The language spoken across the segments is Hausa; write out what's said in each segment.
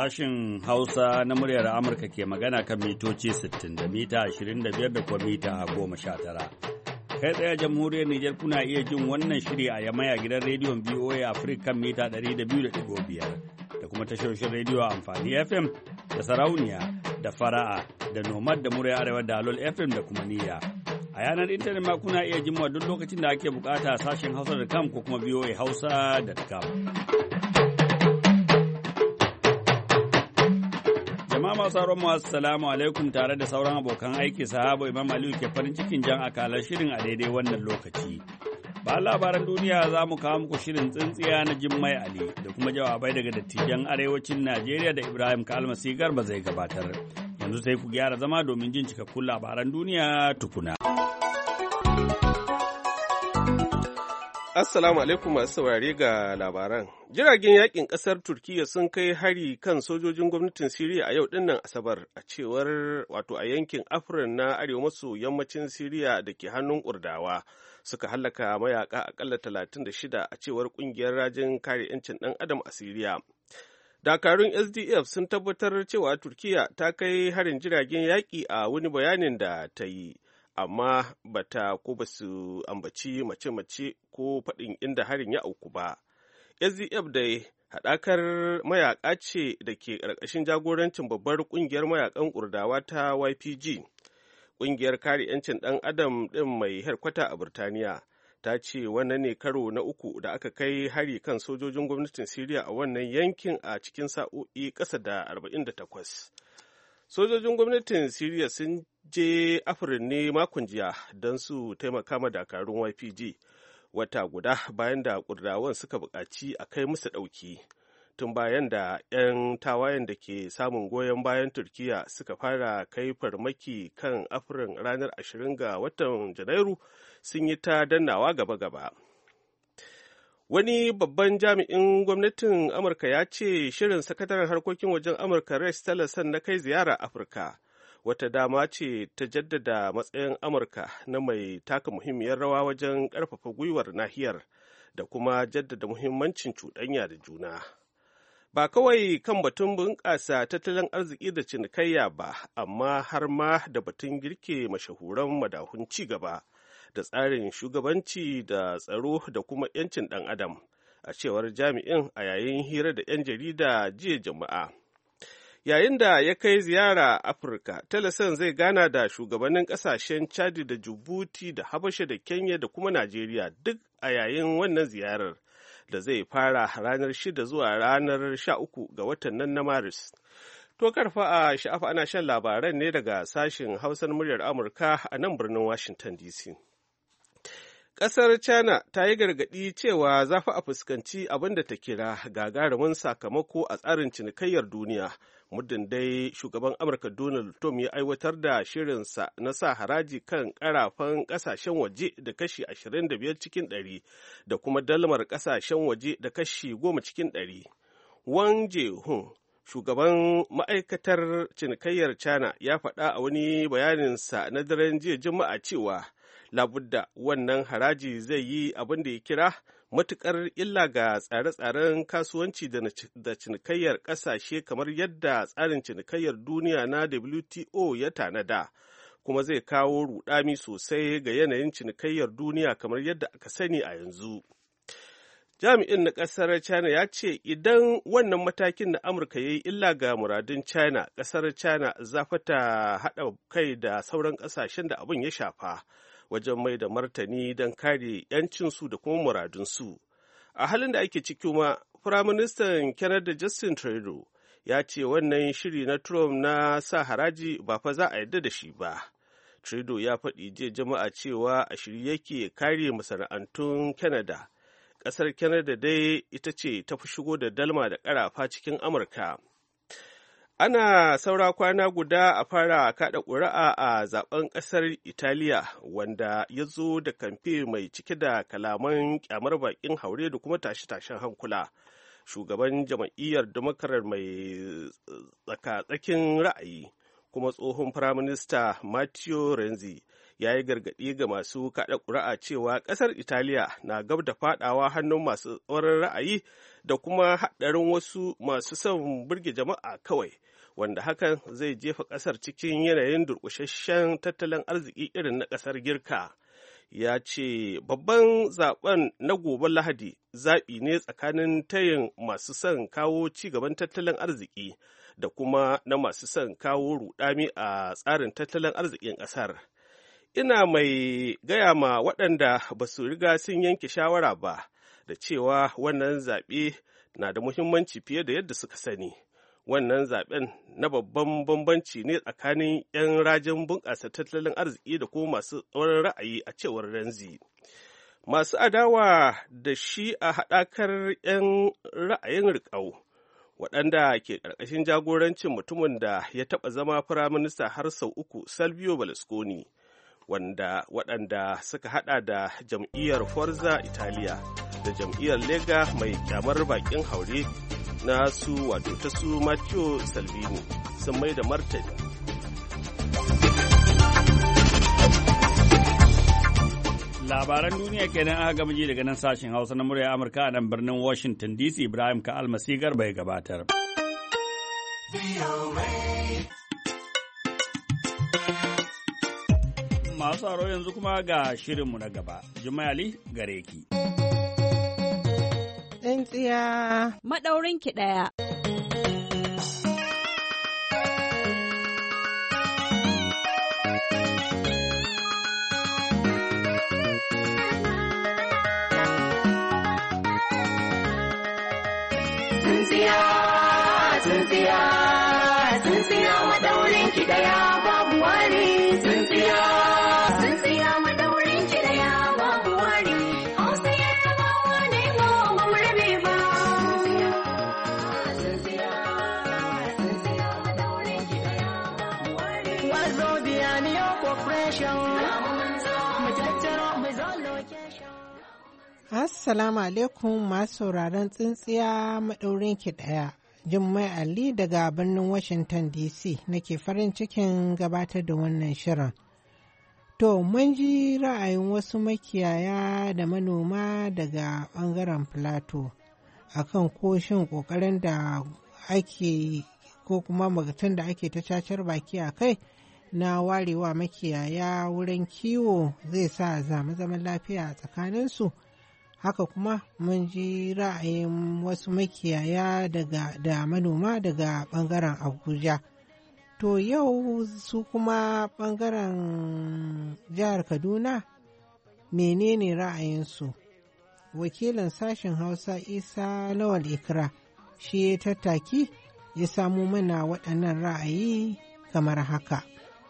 Sashen Hausa na muryar Amurka ke magana kan mitoci 60 da mita 25 da kuma mita 19. Kai tsaye jamhuriyar Nijar kuna iya jin wannan shiri a yamaya gidan rediyon BOA Africa kan mita 200.5 da kuma tashoshin rediyo amfani FM da sarauniya da fara'a da nomad da muryar arewa da alol FM da kuma niyya. A yanar intanet ma kuna iya jin duk lokacin da ake bukata sashen Hausa da kam ko kuma Hausa da kam. jama'a masu sauran mu assalamu alaikum tare da sauran abokan aiki sahabo Imam Aliyu ke farin cikin jan akalar shirin a daidai wannan lokaci. Ba labaran duniya za mu kawo muku shirin tsintsiya na Jummai Ali da kuma jawabai daga dattijan arewacin Najeriya da Ibrahim Kalmasi Garba zai gabatar. Yanzu sai ku gyara zama domin jin cikakkun labaran duniya tukuna. Assalamu alaikum masu saurare ga labaran. Jiragen yakin kasar Turkiyya sun kai hari kan sojojin gwamnatin Siriya a yau dinnan Asabar a cewar wato a yankin Afrin na arewa maso yammacin Siriya da ke hannun Kurdawa suka hallaka mayaka akalla 36 a cewar kungiyar rajin kare 'yancin ɗan adam a Siriya. Dakarun SDF sun tabbatar cewa Turkiyya ta kai harin jiragen yaƙi a wani bayanin da ta yi. amma bata ko ba su ambaci mace-mace ko faɗin inda harin ya auku ba. SDF dai haɗakar mayaƙa ce da ke ƙarƙashin jagorancin babbar ƙungiyar mayaƙan ƙurdawa ta YPG. Ƙungiyar kare 'yancin ɗan adam ɗin mai harkwata a Birtaniya, ta ce wannan ne karo na uku da aka kai hari kan sojojin gwamnatin Siriya a wannan yankin a cikin sa'o'i ƙasa da 48. sojojin gwamnatin siriya sun je afirin ne makon jiya don su taimaka ma dakarun ypg wata guda bayan da kurdawan suka buƙaci a kai musu ɗauki tun bayan da 'yan tawayen da ke samun goyon bayan turkiya suka fara kai farmaki kan afirin ranar 20 ga watan janairu sun yi ta dannawa gaba-gaba Wani babban jami'in gwamnatin Amurka ya ce shirin sakataren harkokin wajen Amurka Rex Tillerson na kai ziyara Afirka. Wata dama ce ta jaddada matsayin Amurka na mai taka muhimmiyar rawa wajen ƙarfafa gwiwar nahiyar da kuma jaddada muhimmancin cuɗanya da juna. Ba kawai kan batun bunƙasa tattalin arziki da cinikayya ba, amma har ma da batun girke mashahuran madahun ci gaba. da tsarin shugabanci da tsaro da kuma 'yancin ɗan adam a cewar jami'in a yayin hira da 'yan jarida jiya jama'a yayin da ya kai ziyara afirka talasan zai gana da shugabannin kasashen chadi da jibuti da habasha da kenya da kuma najeriya duk a yayin wannan ziyarar da zai fara ranar 6 zuwa ranar 13 ga watan nan na maris to karfa a sha'afa ana shan labaran ne daga sashen hausar muryar amurka a nan birnin washington dc Ƙasar China ta yi gargaɗi cewa za a fuskanci abin da ta kira gagarumin sakamako a tsarin cinikayyar duniya. Muddin dai shugaban Amurka Donald Trump ya aiwatar da shirinsa na sa haraji kan ƙarafan ƙasashen waje da kashi 25 cikin 100 da kuma dalmar ƙasashen waje da kashi 10 cikin 100. Wang Jehun, shugaban ma'aikatar cinikayyar China ya faɗa a wani bayaninsa na daren jiya Juma'a cewa labudda wannan haraji zai yi abin da ya kira matuƙar illa ga tsare-tsaren kasuwanci da cinikayyar ƙasashe kamar yadda tsarin cinikayyar duniya na wto ya tanada kuma zai kawo rudami sosai ga yanayin cinikayyar duniya kamar yadda aka sani a yanzu jami'in na ƙasar china ya ce idan wannan matakin na amurka ya yi illa ga muradun china ƙasar china za ta haɗa kai da sauran ƙasashen da abin ya shafa wajen mai da martani don kare 'yancinsu da kuma muradunsu. A halin da ake ciki kuma, Firaministan Canada Justin Trudeau ya ce wannan shiri na Trump na sa haraji ba fa za a yarda da shi ba. Trudeau ya faɗi jiya jama'a cewa a shirye yake kare masana'antun Canada. Ƙasar Canada dai ita ce ta fi shigo da dalma da ƙarafa cikin Amurka. ana saura kwana guda a fara kada ƙuri'a a zaben ƙasar italiya wanda ya zo da kamfe mai cike da kalaman ƙyamar baƙin haure da kuma tashe-tashen hankula shugaban jam'iyyar Demokarar mai tsaka-tsakin ra'ayi kuma tsohon firaminista matteo renzi ya yi gargaɗi ga masu kaɗa ƙuri'a cewa ƙasar italiya na gab da faɗawa hannun masu tsoron ra'ayi da kuma haɗarin wasu masu son burge jama'a kawai wanda hakan zai jefa ƙasar cikin yanayin durƙusasshen tattalin arziki irin na ƙasar girka ya ce babban zaben na gobe lahadi zaɓi ne tsakanin tayin masu son kawo ci gaban tattalin arziki da kuma na masu son kawo rudami a tsarin tattalin arzikin ƙasar. ina mai gaya ma waɗanda ba su riga sun yanke shawara ba da cewa wannan zaɓe na da muhimmanci fiye da yadda suka sani wannan zaɓen na babban bambanci ne tsakanin 'yan rajin bunƙasa tattalin arziki da kuma masu tsoron ra'ayi a cewar ranzi masu adawa da shi a haɗakar 'yan ra'ayin riƙau waɗanda ke ƙarƙashin jagorancin mutumin da ya taɓa zama firaminista har sau uku salvio berlusconi wanda waɗanda suka haɗa da jam'iyyar forza Italia da jam'iyyar lega mai kyamar bakin haure na su wato ta su matteo salvini sun mai da martani labaran duniya kenan aka gama ji daga nan sashen hausa na murya amurka a nan birnin washington dc ibrahim ka almasi garba ya gabatar. masu tsaro yanzu kuma ga shirinmu na gaba. Jumali gare ki. Tsintsiya. Maɗaurin ki ɗaya. Assalamu alaikum masu sauraron tsintsiya maɗaurin ki ɗaya. Jummai Ali daga birnin Washington DC nake farin cikin gabatar da wannan shirin. To, mun ji ra'ayin wasu makiyaya da manoma daga ɓangaren Plateau kan koshin ƙoƙarin da ake ko kuma magatun da ake ta cacar baki a kai na warewa makiyaya wurin kiwo zai sa zama zaman lafiya a tsakaninsu. haka kuma mun ji ra'ayin wasu makiyaya daga da manoma daga bangaren abuja to yau su kuma bangaren jihar kaduna menene ra'ayinsu wakilin sashen hausa isa lawal ikra shi ya tattaki ya samo mana waɗannan ra'ayi kamar haka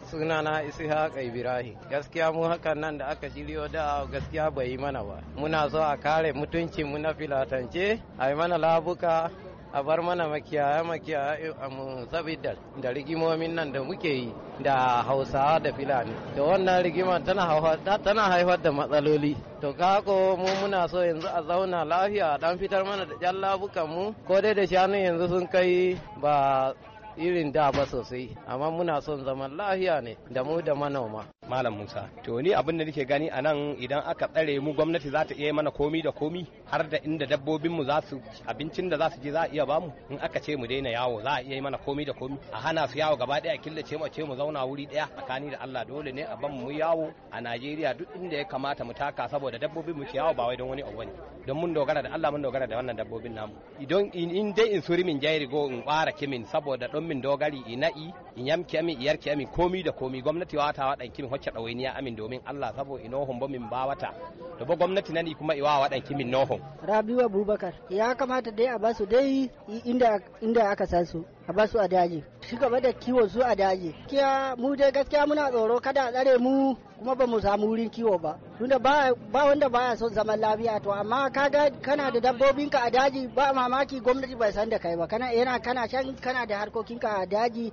sunana ishaq ibrahim gaskiya mu hakan nan da aka shiryo da gaskiya bai yi mana ba muna so a kare mutuncin mu na filatance a yi mana labuka a bar mana makiyaya makiyaya a mu sabida da rigimomin nan da muke yi da hausawa da filani to wannan rigima tana haifar da matsaloli to kako mu muna so yanzu a zauna lafiya dan fitar mana da jan labukan mu ko dai da shanu yanzu sun kai ba irin da ba sosai amma muna son zaman lafiya ne da mu da manoma malam musa to ni abin da nake gani anan nan idan aka tsare mu gwamnati za ta iya mana komi da komi har da inda dabbobin mu za su abincin da za su je za a iya bamu in aka ce mu daina yawo za a iya mana komi da komi a hana su yawo gaba daya killace mu ce mu zauna wuri daya tsakani da Allah dole ne a ban mu yawo a Najeriya duk inda ya kamata mu taka saboda dabbobin mu ke yawo ba wai don wani abu bane don mun dogara da Allah mun dogara da wannan dabbobin namu idan in dai in suri min jairi go in fara kimin saboda don min dogari ina'i in yamke min iyarke min komi da komi gwamnati wata wadan kimin wacce ɗawainiya amin domin Allah sabo inohun ba min bawata da ba gwamnati nani kuma iwa waɗan kimin nohun. wa Abubakar ya kamata dai a su dai inda inda aka san su a basu a daji. Shi gaba da kiwon su a daji. Kiya mu dai gaskiya muna tsoro kada a tsare mu kuma ba mu samu wurin kiwo ba tunda ba wanda baya son zaman lafiya to amma kaga kana da dabbobinka a daji ba mamaki gwamnati bai san da kai ba kana yana kana shan kana da harkokinka a daji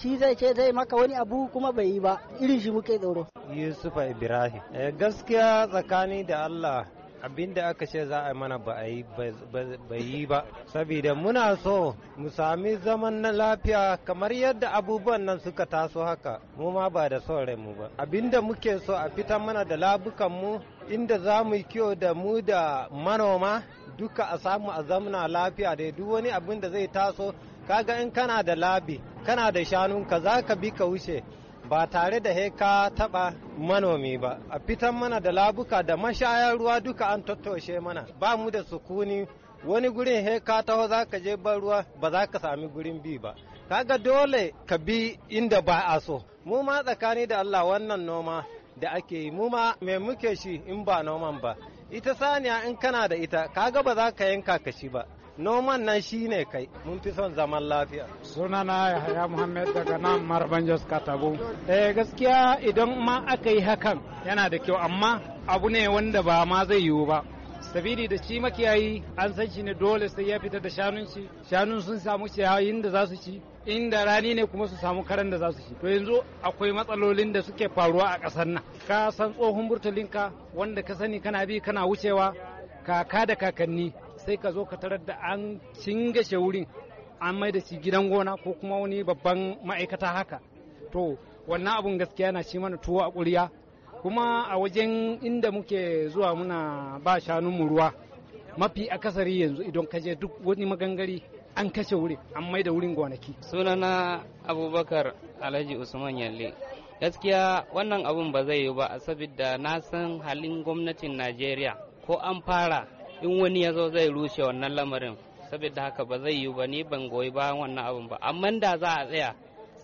shi zai ce zai maka wani abu kuma bai yi ba irin shi muke tsoro yusufa ibrahim eh, gaskiya tsakani da allah Abinda aka ce za a mana ba yi ba saboda muna so mu sami zaman na lafiya kamar yadda abubuwan nan suka taso haka mu ma ba da son mu ba Abinda muke so a fita mana da labukan mu inda za mu yi kyau da mu da manoma duka a samu a zamna lafiya da duk wani abin da zai taso kaga in kana da labi kana da shanunka za ka bi ka wuce ba tare da he ka taba manomi ba a fitan mana da labuka da mashayar ruwa duka an tattoshe mana ba mu da sukuni wani gurin he ka taho za ka je ban ruwa ba za ka sami gurin bi ba kaga dole ka bi inda ba a so mu ma tsakani da Allah wannan noma da ake yi mu ma me muke shi in ba noman ba ita saniya in kana da ita kaga ba za ka yanka ka shi ba noman nan shi ne kai mun fi son zaman lafiya sunana yahaya muhammad daga nan marban jos katabu eh gaskiya idan ma aka yi hakan yana da kyau amma abu ne wanda ba ma zai yiwu ba sabidi da shi makiyayi an san shi ne dole sai ya fita da shanun shi shanun sun samu ciyayin da za su ci inda rani ne kuma su samu karen da za su ci to yanzu akwai matsalolin da suke faruwa a ƙasar nan ka san tsohon burtulinka wanda ka sani kana bi kana wucewa kaka da kakanni sai ka zo ka tarar da an cingashe wurin an mai da shi gidan gona ko kuma wani babban ma'aikata haka to wannan abun gaskiya na shi mana tuwo a ƙuriya kuma a wajen inda muke zuwa muna ba mu ruwa mafi akasari yanzu idan ka je duk wani magangari an kashe wuri an mai da wurin gonaki sunana abubakar alhaji usman yalle gaskiya wannan abun ba zai yi ba saboda na san halin gwamnatin najeriya ko an fara in wani ya zo zai rushe wannan lamarin saboda haka ba zai yi ba ni ban goyi ba wannan abun ba amma da za a tsaya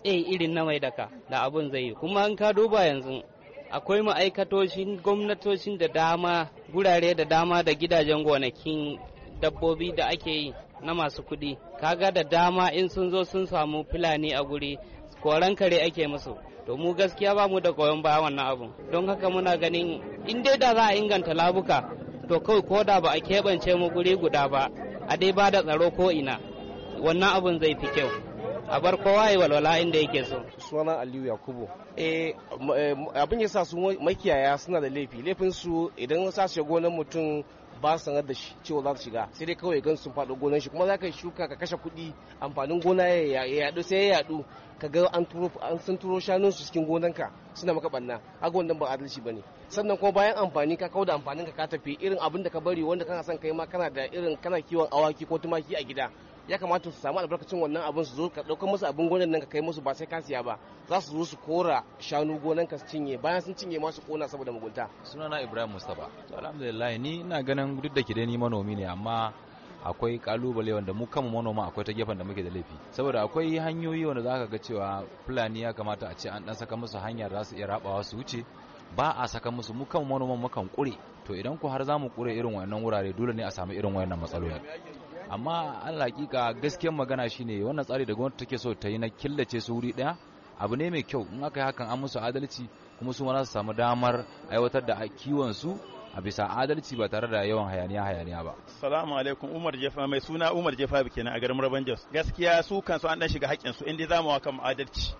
tsaye irin na mai daka da abun zai yi kuma an ka duba yanzu akwai ma'aikatoshin gwamnatoshin da dama gurare da dama da gidajen gonakin dabbobi da ake yi na masu kuɗi kaga da dama in sun zo sun samu fulani a guri koran kare ake musu to mu gaskiya ba mu da koyon baya wannan abun don haka muna ganin in dai da za a inganta labuka to kawai ko da ba a keɓance mu guri guda ba a dai ba da tsaro ko ina wannan abun zai fi kyau a bar kowa ya walwala inda yake so suna aliyu yakubu eh, eh abin yasa su makiyaya suna da laifi laifin su idan sa shi gonar mutum ba sanar da shi cewa za su shiga sai dai kawai gan sun faɗo gonar shi kuma za ka yi shuka ka kashe kuɗi amfanin gona ya yaɗu sai ya yaɗu ka ga an turo an sun turo shanun su cikin gonanka suna maka ɓanna a wannan ba adalci ne sannan kuma bayan amfani ka kauda amfanin ka ka tafi irin abin da ka bari wanda kana son kai ma kana da irin kana kiwon awaki ko tumaki a gida ya kamata su samu albarkacin wannan abin su zo ka dauko musu abin gonan nan ka kai musu ba sai ka siya ba za su zo su kora shanu gonan ka su cinye bayan sun cinye ma su kona saboda mugunta sunana Ibrahim Mustapha to alhamdulillah ni ina ganin duk da kidai ni manomi ne amma akwai kalubale wanda mu kama manoma akwai ta gefen da muke da laifi saboda akwai hanyoyi wanda zaka ga cewa fulani ya kamata a ce an dan saka musu hanyar da za su iya rabawa su wuce ba a saka musu mu kan manoman mukan kure to idan ku har za mu kure irin wannan wurare dole ne a samu irin wannan matsaloli amma an hakika gaskiyar magana shi ne wannan tsari da gwamnati take so ta yi na killace su wuri daya abu ne mai kyau in aka yi hakan an musu adalci kuma su ma su samu damar aiwatar da kiwon su a bisa adalci ba tare da yawan hayaniya hayaniya ba. Salamu alaikum Umar Jefa mai suna Umar Jefa kenan a garin Raban Jos. Gaskiya su kansu an dan shiga haƙƙin su inda zamu wa kan adalci.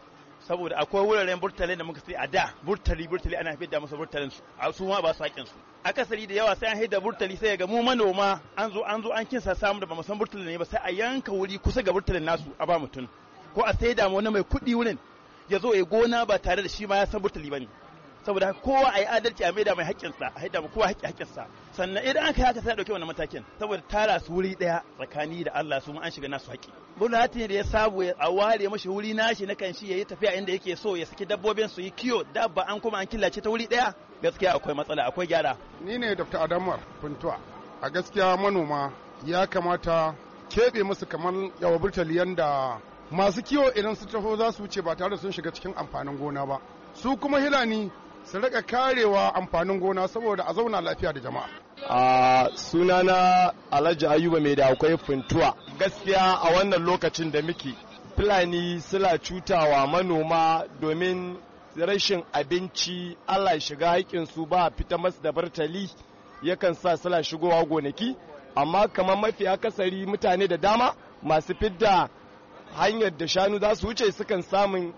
saboda akwai wuraren burtale da muka sai a da burtali burtali ana da masa burtalin su a su ma ba su haƙin su akasari da yawa sai an haida burtali sai ga mu manoma an zo an zo an kinsa samu da ba san burtalin ne ba sai a yanka wuri kusa ga burtalin nasu a ba mutum ko a sai da wani mai kuɗi wurin ya zo ya gona ba tare da shi ma ya san burtali ba ne saboda kowa a yi adalci a maida mai haƙƙinsa a haɗa kowa haƙƙi haƙƙinsa sannan idan aka kai haka sai a ɗauki wannan matakin saboda tara su wuri ɗaya tsakani da Allah su ma an shiga nasu haƙƙi bulati da ya sabu a ware mashi wuri nashi na kan shi ya yi tafiya inda yake so ya saki dabbobin su yi kiyo dabba an kuma an killace ta wuri ɗaya gaskiya akwai matsala akwai gyara ni ne dr adamar puntuwa a gaskiya manoma ya kamata keɓe musu kamar yawa burtali yanda masu kiwo idan su taho za su wuce ba tare da sun shiga cikin amfanin gona ba su kuma hilani su rika karewa amfanin gona saboda a zauna lafiya da jama'a. A sunana Alhaji Ayuba mai da akwai funtuwa. Gaskiya a wannan lokacin da muke Fulani suna cutawa manoma domin rashin abinci Allah shiga haƙƙinsu ba fita masu da bartali yakan sa suna shigowa gonaki amma kamar mafi akasari mutane da dama masu fidda hanyar da shanu za su wuce sukan samun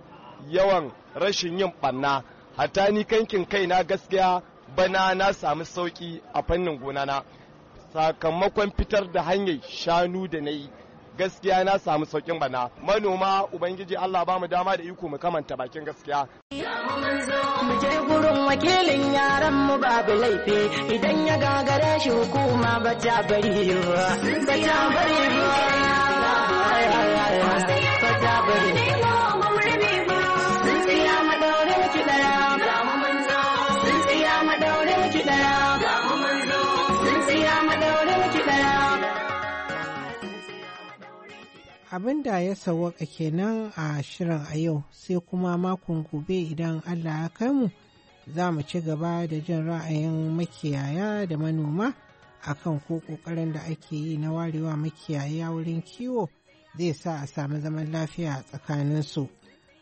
yawan rashin yin ɓanna A ni kankin na gaskiya bana na samu sauki a fannin gona na sakamakon fitar da hanyar shanu da na yi gaskiya na samu saukin bana manoma ubangiji Allah ba mu dama da iko mu kamanta bakin gaskiya mu gurin wakilin yaran mu babu laifi idan ya gagare shi hukuma abin da ya sawaka kenan a shirin a yau sai kuma makon gobe idan allah ya kai mu za mu ci gaba da jin ra'ayin makiyaya da manoma a kan ko kokarin da ake yi na warewa makiyaya wurin kiwo zai sa a sami zaman lafiya a tsakaninsu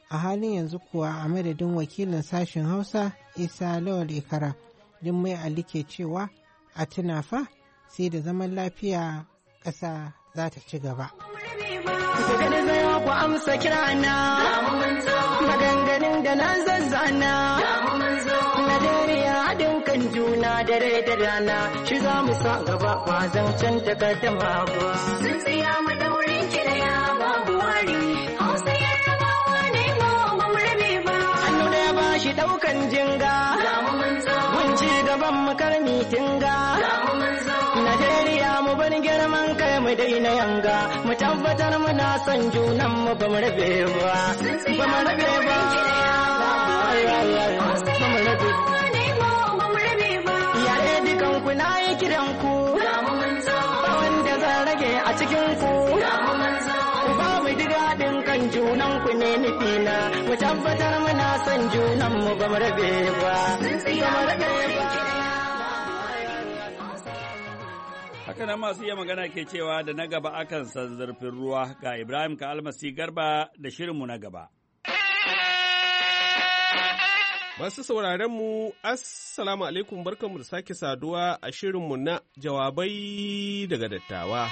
a halin yanzu kuwa a madadin wakilin sashen hausa isa lawal ikara din mai alike cewa a tunafa sai da zaman lafiya ƙasa za ta ci gaba. Ku garzayo ku amsa kirana. Maganganun da na zazzana. Najeriya haɗin kan juna dare da rana. Shi za mu sa gaba ba zancen takaddama ba. Sun tsaya mu daurin kiraya babu wari. mu daina yanga mu tabbatar muna son junan mu ba mu rabe ba ba mu rabe ba ba mu rabe yare dukan ku na yi kiran ku ba wanda zan rage a cikin ku ku ba mu digadin kan junan ku ne nufina mu tabbatar muna son junan mu ba mu rabe ba ba mu rabe ba Haka nan masu iya magana ke cewa da na gaba akan zarfin ruwa ga Ibrahim ka almasi garba da shirinmu na gaba. Masu sauraron mu Assalamu alaikum barkanmu da sake saduwa a shirinmu na jawabai daga dattawa.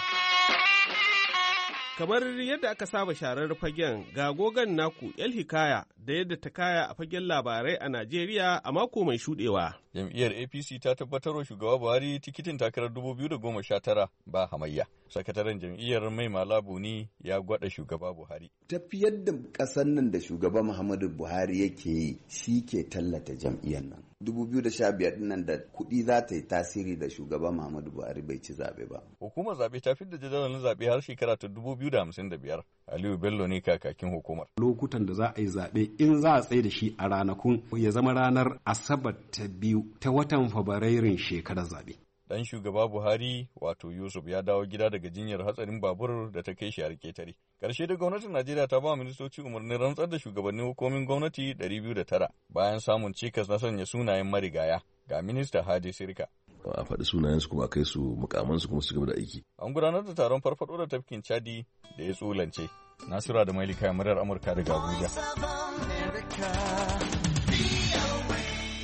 Kamar yadda aka saba sharar fagen ga gogan naku El Hikaya da yadda ta kaya a fagen labarai a Najeriya a mako mai shudewa. Jam'iyyar APC ta tabbatarwa shugaba Buhari tikitin takarar 2019 ba hamayya. Sakataren jam'iyyar Mai Malabu ne ya gwada shugaba Buhari. Tafiyar da kasan nan da shugaba Muhammadu Buhari yake yi shi ke tallata jam'iyyar nan. 2015 nan da kuɗi za ta yi tasiri da shugaban Muhammadu Buhari bai ci zaɓe ba. Hukumar zaɓe ta fidda jadawalin zaɓe har shekara ta 2055. Aliyu Bello ne kakakin hukumar. Lokutan da za a yi zaɓe in za a tsaye da shi a ranakun ya zama ranar Asabar ta biyu ta watan Fabrairun shekarar zaɓe. dan shugaba Buhari wato Yusuf ya dawo gida daga jinyar hatsarin babur da ta kai shi har ketare. Karshe da gwamnatin Najeriya ta ba ministoci umarnin rantsar da shugabannin hukumin gwamnati 209 bayan samun cikas na sanya sunayen marigaya ga minista Hadi Sirka. a faɗi su kuma kai su su kuma su gaba da aiki. An gudanar da taron farfaɗo da tafkin Chadi da ya tsolance. Nasura da Mailika murar Amurka daga Abuja.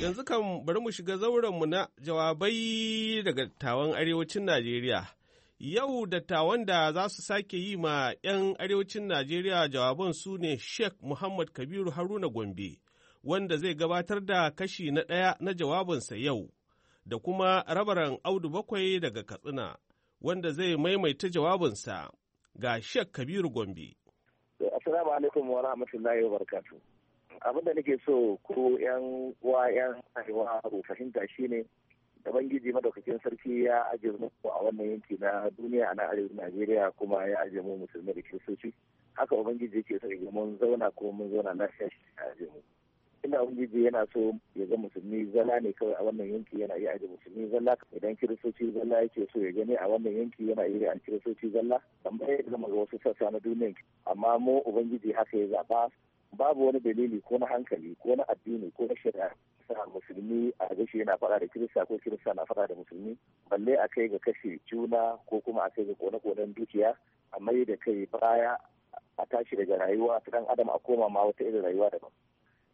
Yanzu kan bari mu shiga zauren mu na jawabai daga dattawan arewacin Najeriya. Yau da dattawan da za su sake yi ma 'yan arewacin Najeriya jawaban su ne Sheikh Muhammad Kabiru Haruna Gombe, wanda zai gabatar da kashi na ɗaya na jawabinsa yau, da kuma rabaran Audu Bakwai daga Katsina, wanda zai maimaita jawabinsa ga Sheikh Kabiru Gombe. Assalamu alaikum wa rahmatullahi wa barakatuh. abin da nake so ko yan uwa yan arewa ko fahimta shine ubangiji madaukakin sarki ya ajiye mu a wannan yanki na duniya a na arewacin najeriya kuma ya ajiye mu musulmi da kiristoci haka ubangiji yake so ya mun zauna ko mun zauna na shashi a ajiye mu inda ubangiji yana so ya ga musulmi zalla ne kawai a wannan yanki yana iya ajiye musulmi zalla idan kiristoci zalla yake so ya gani a wannan yanki yana iya a kiristoci zalla dan zama ga wasu sassa na duniya amma mu ubangiji haka ya zaba babu wani dalili ko na hankali ko na addini ko na shari'a sa musulmi a gashi yana faɗa da kirista ko kirista na faɗa da musulmi balle a kai ga kashe juna ko kuma a kai ga kone-konen dukiya a mai da kai baya a tashi daga rayuwa ta dan adam a koma ma wata irin rayuwa daban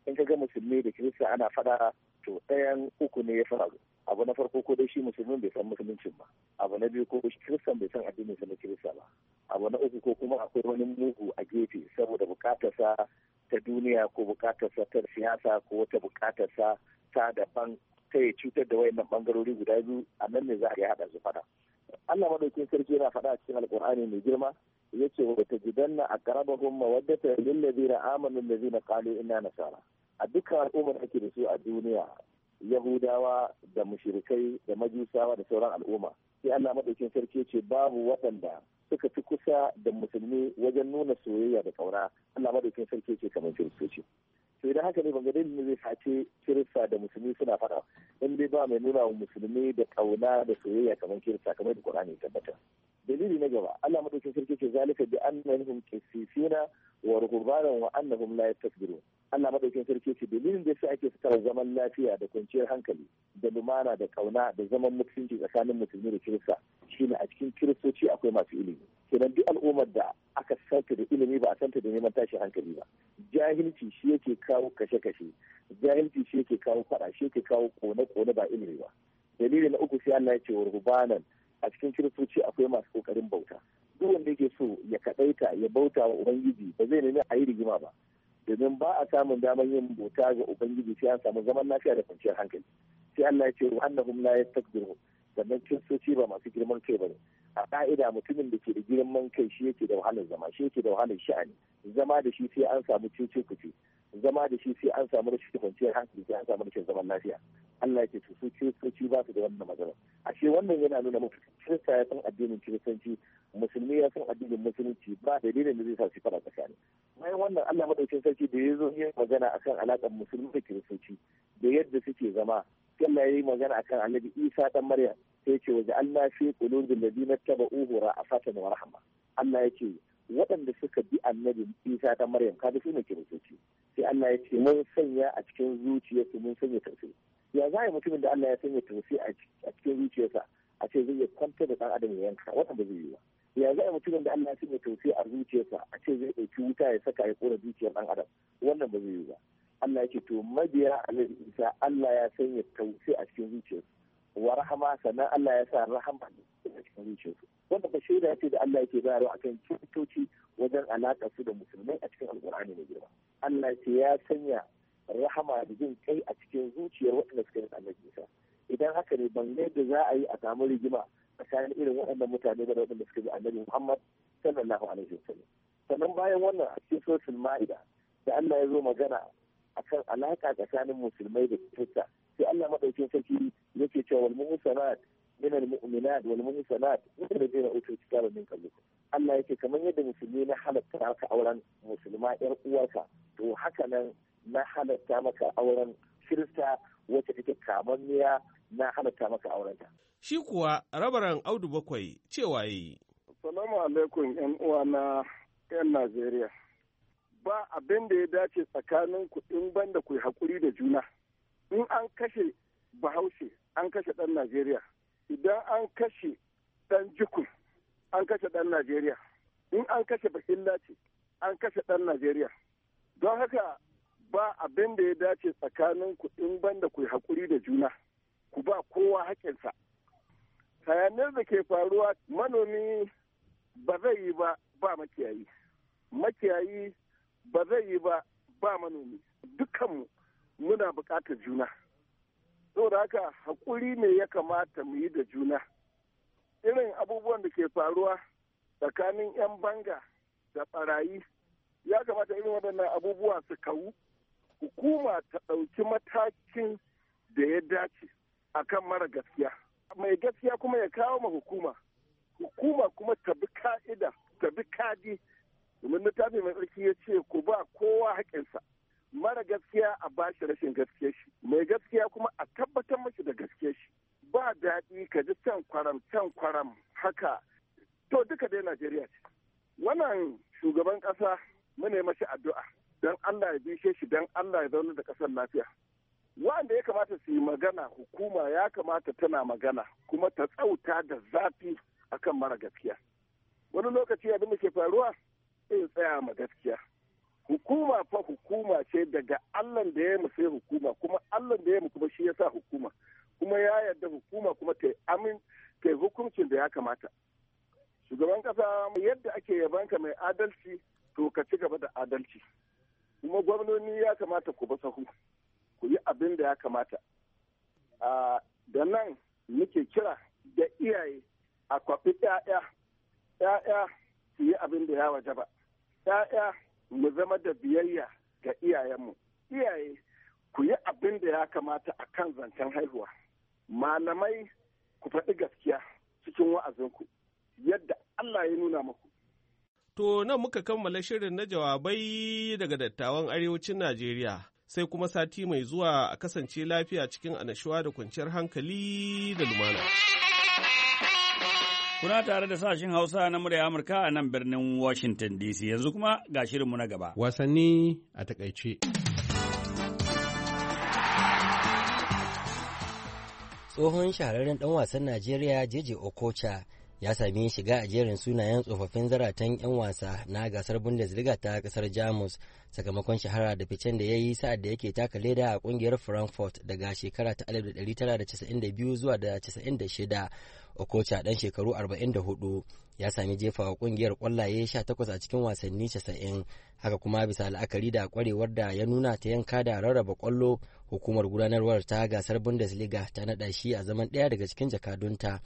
in ka ga musulmi da kirista ana faɗa to ɗayan uku ne ya faru abu na farko ko dai shi musulmin bai san musuluncin ba abu na biyu ko kiristan bai san addinin sa na kirista ba abu na uku ko kuma akwai wani mugu a gefe saboda bukatarsa ta duniya ko bukatarsa ta siyasa ko wata bukatarsa ta daban ta ya cutar da wayannan bangarori guda biyu a nan ne za a yi haɗa su fada Allah madaukin sarki yana faɗa a cikin alkur'ani mai girma yace wa tajidanna aqrabahum mawaddatan lil ladina amanu lil ladina qalu ina nasara a dukkan al'ummar ake da su a duniya yahudawa da mushirikai da majusawa da sauran al'umma sai allah maɗaukin sarki ce babu waɗanda suka fi kusa da musulmi wajen nuna soyayya da ƙaura allah maɗaukin sarki ce kamar kiristoci to idan haka ne bangare ne zai sace kirista da musulmi suna faɗa in dai ba mai nuna wa musulmi da ƙauna da soyayya kamar kirista kamar da qur'ani tabbata dalili na gaba allah maɗaukin sarki ce zalika bi annahum kisifina wa ruhbanan wa annahum la yastakbirun Allah madaukin sarki ce dalilin da yasa ake fitar zaman lafiya da kwanciyar hankali da lumana da kauna da zaman mutunci tsakanin musulmi da kirista shine a cikin kiristoci akwai masu ilimi kenan duk al'ummar da aka santa da ilimi ba a santa da neman tashi hankali ba jahilci shi yake kawo kashe-kashe jahilci shi yake kawo fada shi yake kawo kone-kone ba ilimi ba dalili na uku sai Allah ya ce rubanan a cikin kiristoci akwai masu kokarin bauta duk wanda yake so ya kadaita ya bauta wa ubangiji ba zai nemi a yi rigima ba domin ba a samun damar yin bota ga ubangiji sai an samu zaman lafiya da kwanciyar hankali sai Allah ya ce wa annahum la yastakbiru sannan kiristoci ba masu girman kai bane a ka'ida mutumin da ke da girman kai shi yake da wahalar zama shi yake da wahalar sha'ani zama da shi sai an samu cece kuce zama da shi sai an samu rashin kwanciyar hankali sai an samu rashin zaman lafiya Allah ya ce su kiristoci ba su da wannan magana ashe wannan yana nuna muku kirista ya san addinin kiristanci musulmi ya san addinin musulunci ba dalilin da zai sa shi fara tsakani bayan wannan Allah madaukakin sarki da ya zo ya magana akan alaƙar musulmi da kiristoci da yadda suke zama Allah ya yi magana akan Annabi Isa dan Maryam sai ce waje Allah fi qulubil ladina tabauhu ra'afatan wa rahma Allah yake waɗanda suka bi Annabi Isa dan Maryam kada su ne kiristoci sai Allah ya ce mun sanya a cikin zuciyarsu mun sanya tausayi ya za mutumin da Allah ya sanya tausayi a cikin zuciyarsa a ce zai kwanta da ɗan adam ya yanka waɗanda zai yi ba ya za a mutumin da Allah ya tausi a zuciyarsa a ce zai ɗauki wuta ya saka ya kora zuciyar ɗan adam wannan ba zai yi ba Allah yake to mabiya alaihi isa Allah ya sanya tausi a cikin zuciyarsu wa rahama sannan Allah ya sa rahama a cikin zuciyarsu wanda ba shaida ce da Allah yake bayarwa akan kyautoci wajen alaƙa su da musulmai a cikin alƙur'ani mai girma Allah ce ya sanya rahama da jin kai a cikin zuciyar waɗanda suka yi annabi isa idan haka ne ban da za a yi a samu rigima tsakanin irin waɗannan mutane da waɗanda suka bi annabi Muhammad sallallahu alaihi wasallam sannan bayan wannan a cikin sosul ma'ida da Allah ya zo magana akan alaka tsakanin musulmai da kirista sai Allah madaukin sarki yake cewa wal muhsanat min al mu'minat wal muhsanat min alladhina utul kitaba min qablikum Allah yake kamar yadda musulmi na halatta maka auren musulma yar uwarka to haka nan na halatta maka auren kirista wacce take kamanniya na halatta maka aurenta. Shi kuwa rabaran Audu bakwai cewa yi. Salamu alaikum ‘yan uwa na ‘yan Najeriya. Ba abin da ya dace tsakanin kuɗin banda ku haƙuri da juna. In an kashe Bahaushe an kashe ɗan Najeriya. Idan an kashe ɗan jikun an kashe ɗan Najeriya. In an kashe Bahilla ce an kashe ɗan Najeriya. Don haka ba abin da ya dace tsakanin kuɗin banda ku haƙuri da juna. ku ba kowa haƙƙinsa hayanar da ke faruwa manomi ba zai yi ba ba makiyayi makiyayi ba zai yi ba ba manomi dukkanmu muna buƙatar juna saboda haka haƙuri ne ya kamata mu yi da juna irin abubuwan da ke faruwa tsakanin 'yan banga da barayi ya kamata irin waɗannan abubuwa su kawu hukuma ta ɗauki matakin da ya dace akan mara gaskiya mai gaskiya kuma ya kawo ma hukuma hukuma kuma ta bi ka'ida ta bi kadi domin littafi mai tsarki ya ce ku ba kowa haƙinsa mara gaskiya a ba shi rashin gaskiyar shi mai gaskiya kuma a tabbatar mashi da gaskiya shi ba daɗi ka ji can kwaram can kwaram haka to duka dai najeriya ce wannan shugaban ƙasa mu ne mashi addu'a don allah ya bishe shi don allah ya zauna da ƙasar lafiya wanda ya kamata su yi magana hukuma ya kamata tana magana kuma ta tsauta da zafi akan mara gaskiya wani lokaci abin da ke faruwa sai tsaya ma gaskiya hukuma fa hukuma ce daga allah da ya sai hukuma kuma allah da ya kuma shi ya sa hukuma kuma ya yarda hukuma kuma ta amin ta hukuncin da ya kamata shugaban kasa yadda ake yabanka mai adalci to ka ci gaba da adalci kuma gwamnoni ya kamata ku ba sahu ku yi abin da ya kamata da nan muke kira da iyaye a kwafi 'ya'ya 'ya'ya su yi abin da ya wajaba 'ya'ya mu zama da biyayya ga iyayenmu iyaye ku yi abin da ya kamata a kan zancen haihuwa malamai ku faɗi gaskiya cikin wa'azinku yadda Allah ya nuna muku. To nan muka kammala shirin na jawabai daga dattawan arewacin Najeriya sai kuma sati mai zuwa a kasance lafiya cikin anashuwa da kwanciyar hankali da lumana. Kuna tare da sashen Hausa na murya Amurka a nan birnin Washington DC yanzu kuma ga shirinmu na gaba. Wasanni a takaice. Tsohon shahararren ɗan wasan Najeriya Jeje Okocha ya sami shiga a jerin sunayen tsofaffin zaratan 'yan wasa na gasar bundesliga ta kasar jamus sakamakon shahara da ficen da ya yi sa'ad da yake taka leda a kungiyar frankfurt daga shekara ta 1992 zuwa da 96 okocha dan shekaru 44 ya sami jefa wa kungiyar kwallaye 18 a cikin wasanni 90 haka kuma bisa la'akari da kwarewar da ya nuna ta yanka da rarraba kwallo hukumar gudanarwar ta gasar bundesliga ta naɗa shi a zaman ɗaya daga cikin jakadunta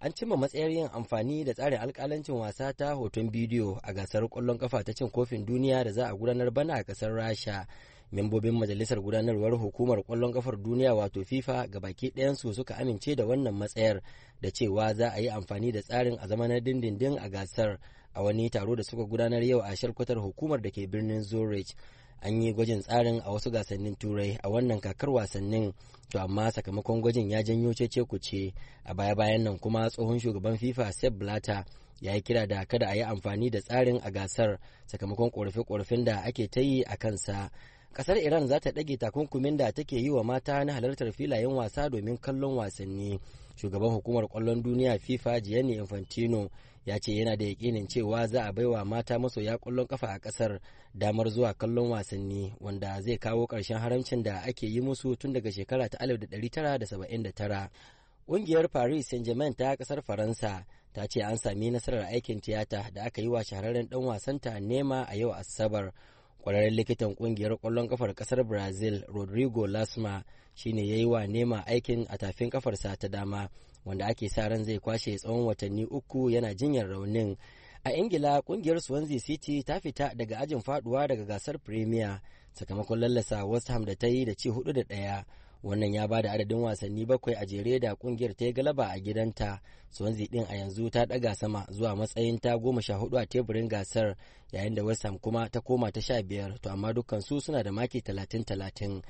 an cimma matsayar yin amfani da tsarin alkalancin wasa ta hoton bidiyo a gasar kwallon kafa ta cin kofin duniya da za a gudanar bana a kasar rasha membobin majalisar gudanarwar hukumar kwallon kafar duniya wato fifa ga baki ɗayansu suka amince da wannan matsayar da cewa za a yi amfani da tsarin a na dindindin a gasar a wani taro da suka gudanar yau a shirkutar hukumar da ke birnin zurich an yi gwajin tsarin a wasu gasannin turai a wannan kakar wasannin to amma sakamakon gwajin ya janyo cece kuce a baya-bayan nan kuma tsohon shugaban fifa sep blatter ya yi kira da kada a yi amfani da tsarin a gasar sakamakon korafe-korafen da ake ta yi a kansa kasar iran za ta ɗage takunkumin da take yi wa mata na halartar filayen wasa domin kallon wasanni shugaban hukumar kwallon duniya fifa gianni infantino ya ce yana da yakinin cewa za a baiwa mata masoya ƙwallon kafa a ƙasar damar zuwa kallon wasanni wanda zai kawo ƙarshen haramcin da ake yi musu tun daga shekara ta 1979 ƙungiyar paris saint-germain ta ƙasar faransa ta ce an sami nasarar aikin tiyata da aka yi wa shahararren ɗan wasanta nema a yau asabar kwararren likitan kungiyar kwallon kafar kasar brazil rodrigo lasma shine ya yi wa nema aikin a tafin kafarsa ta dama wanda ake sa ran zai kwashe tsawon watanni uku yana jinyar raunin a ingila kungiyar swansea city ta fita daga ajin faduwa daga gasar premier sakamakon lallasa west ham da ta yi da ci hudu da daya wannan ya ba da adadin wasanni bakwai a jere da kungiyar ta galaba a gidanta swansea din a yanzu ta daga sama zuwa matsayin ta goma sha hudu a teburin gasar yayin da west ham kuma ta koma ta sha biyar to amma dukkan su suna da maki talatin talatin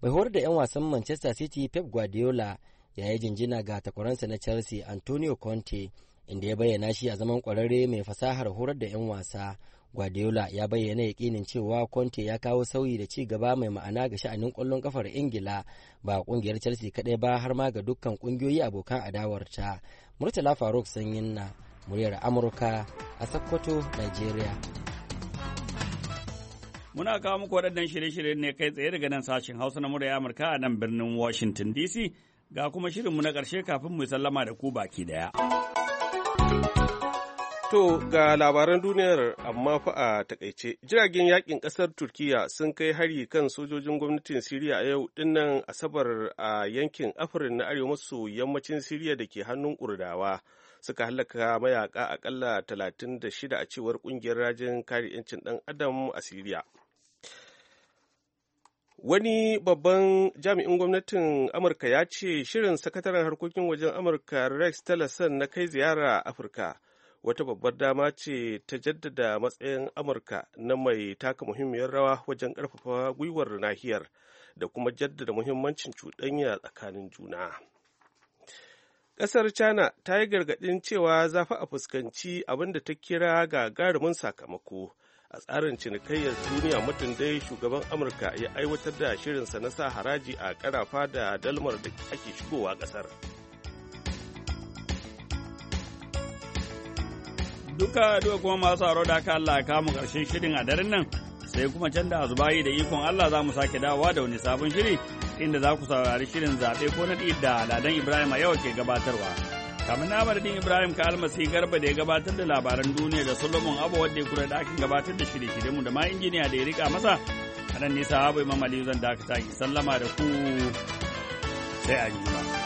bai horar da 'yan wasan manchester city pep guardiola ya yi jinjina ga takwaransa na chelsea antonio conte inda ya bayyana shi a zaman kwararre mai fasahar horar da 'yan wasa Guardiola ya bayyana yakinin cewa Conte ya kawo sauyi da ci gaba mai ma'ana ga sha'anin ƙwallon kafar Ingila ba ƙungiyar Chelsea kaɗai ba har ma ga dukkan ƙungiyoyi abokan adawarta. Murtala Faruk Sanyin muryar Amurka a Sokoto, Nigeria. Muna kawo muku waɗannan shirye-shiryen ne kai tsaye daga nan sashen Hausa na muryar Amurka a nan birnin Washington DC ga kuma shirinmu na ƙarshe kafin mu sallama da ku baki daya. To ga labaran duniyar amma fa a takaice. Jiragen yakin kasar Turkiya sun kai hari kan sojojin gwamnatin Siriya a yau dinnan Asabar a yankin Afirin na arewa maso yammacin Siriya da ke hannun Kurdawa. Suka halaka mayaka akalla 36 a cewar kungiyar rajin kare 'yancin ɗan adam a Siriya. Wani babban jami'in gwamnatin Amurka ya ce shirin sakataren harkokin wajen Amurka Rex Tillerson na kai ziyara Afirka. wata babbar dama ce ta jaddada matsayin amurka na mai taka muhimmiyar rawa wajen karfafa gwiwar nahiyar da kuma jaddada muhimmancin cuɗanya tsakanin juna ƙasar china ta yi gargaɗin cewa za a fuskanci abinda ta kira gagarumin sakamako a tsarin cinikayyar duniya mutum dai shugaban amurka ya aiwatar da shirinsa na sa haraji a ƙarafa da dalmar da ake shigowa ƙasar. duka duka kuma masu aro da aka Allah kamu karshen shirin a daren nan sai kuma can da azubayi da ikon Allah za mu sake dawowa da wani sabon shiri inda za ku saurari shirin zaɓe ko naɗi da Ladan Ibrahim a yau ke gabatarwa. Kamar na madadin Ibrahim ka almasi garba da ya gabatar da labaran duniya da Solomon Abu wadda ya kula da akin gabatar da shirye-shiryenmu da ma injiniya da ya rika masa a nan nisa Abu Imam Aliyu zan dakata ki sallama da ku sai a jima.